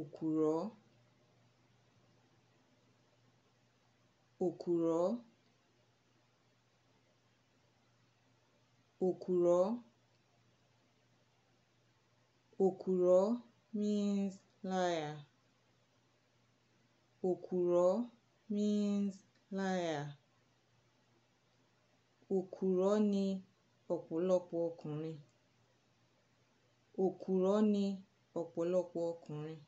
òkùrọ́ òkùrọ́ òkùrọ́ òkùrọ́ means liar òkùrọ́ means liar òkùrọ́ ni ọ̀pọ̀lọpọ̀ ọkùnrin òkùrọ́ ni ọ̀pọ̀lọpọ̀ ọkùnrin